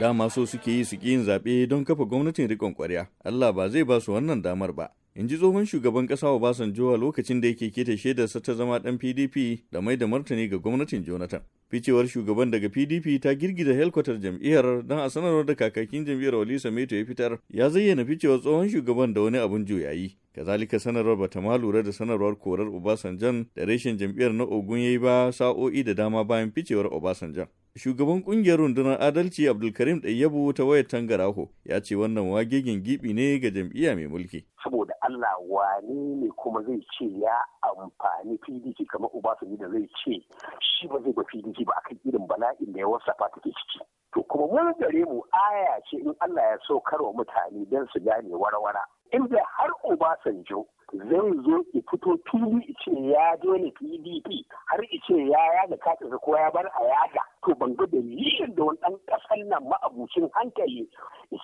Dama so suke yi su yin zaɓe don kafa gwamnatin riƙon ƙwarya. Allah ba zai ba su wannan damar ba. in ji tsohon shugaban ƙasa Obasanjo a lokacin da yake keta shaidarsa ta zama ɗan PDP da mai da martani ga gwamnatin Jonathan. Ficewar shugaban daga PDP ta girgiza helkwatar jam'iyyar don a sanarwar da kakakin jam'iyyar Wali Sameto ya fitar ya zayyana ficewar tsohon shugaban da wani abun juyayi. Kazalika sanarwar ba ta ma lura da sanarwar korar Obasanjan da reshen jam'iyyar na Ogun ya yi ba sa'o'i da dama bayan ficewar Obasanjan. shugaban kungiyar rundunar adalci abdulkarim ɗayyabu ta wayar tangaraho ya ce wannan wagegin gibi ne ga jam'iyya mai mulki Allah wani ne kuma zai ce ya amfani PDP kamar Obasanjo da zai ce shi ba zai ba PDP ba akan irin bala'in da ya wasafa take ciki. To kuma mun gare mu aya ce in Allah ya so karwa mutane don su gane warwara in Inda har Obasanjo zai zo ya fito fili ce ya dole PDP har ice ya yaga katinsa ko ya bar a yada. To ban ga dalilin da wani ɗan ƙasar nan ma'abucin hankali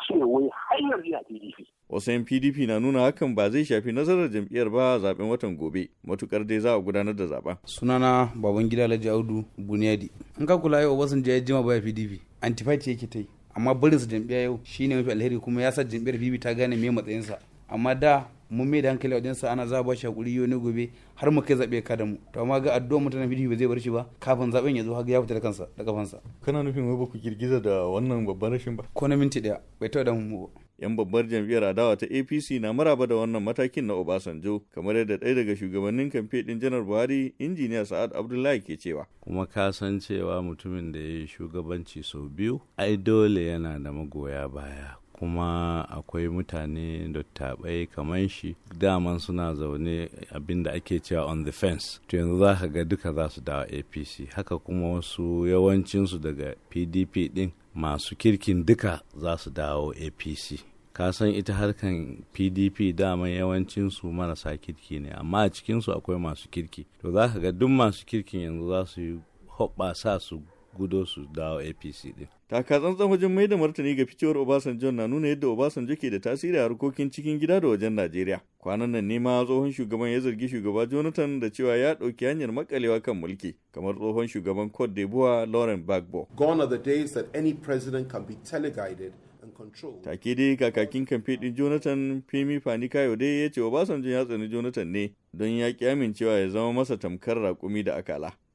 ce wai har yanzu na PDP. wasu 'yan pdp na nuna hakan ba zai shafi nasarar jam'iyyar ba zaben watan gobe matukar dai za a gudanar da zaben sunana baban gida alhaji audu buniyadi an ka kula yau wasu ya jima baya pdp antifati yake ta yi amma barin su jam'iyya yau shine mafi alheri kuma ya sa jam'iyyar pdp ta gane me matsayinsa amma da mun mai da hankali wajen sa ana za shi hakuri yau ne gobe har mu kai zaɓe ka da mu to amma ga addu'a mutanen pdp ba zai bar shi ba kafin zaben ya zo haka ya fita da kansa da kafansa kana nufin wai ba ku girgiza da wannan babban rashin ba ko na minti daya bai taɓa damu mu ba 'Yan babbar jam'iyyar adawa ta APC na maraba da wannan matakin na Obasanjo, kamar yadda ɗaya daga shugabannin kamfe ɗin Janar Buhari, injiniya Sa'ad Abdullahi ke cewa. Kuma ka san cewa mutumin da ya yi shugabanci sau biyu, ai dole yana da magoya baya. kuma akwai mutane dattabai kamar shi daman suna zaune abinda ake cewa on the fence to yanzu za ka ga duka za su dawo apc haka kuma wasu yawancinsu daga pdp din masu kirkin duka za su dawo apc kasan ita harkan pdp dama yawancin su marasa kirki ne amma a cikinsu akwai masu kirki to za ka ga duk masu kirkin yanzu za su yi hoɓɓasa su gudo su dawo apc din tsantsan wajen mai da martani ga ficewar obasanjo na nuna yadda obasanjo ke da tasiri a harkokin cikin gida da wajen najeriya kwanan nan ne ma tsohon shugaban ya zargi shugaba jonathan da cewa ya ɗauki hanyar makalewa kan mulki kamar tsohon shugaban cote d'ivoire lauren gbagbo gone are the days that any president can be teleguided Take dai kakakin kamfe din Jonathan Femi Fani dai ya ce Obasanjo ya tsani Jonathan ne don ya ki amincewa ya zama masa tamkar raƙumi da akala.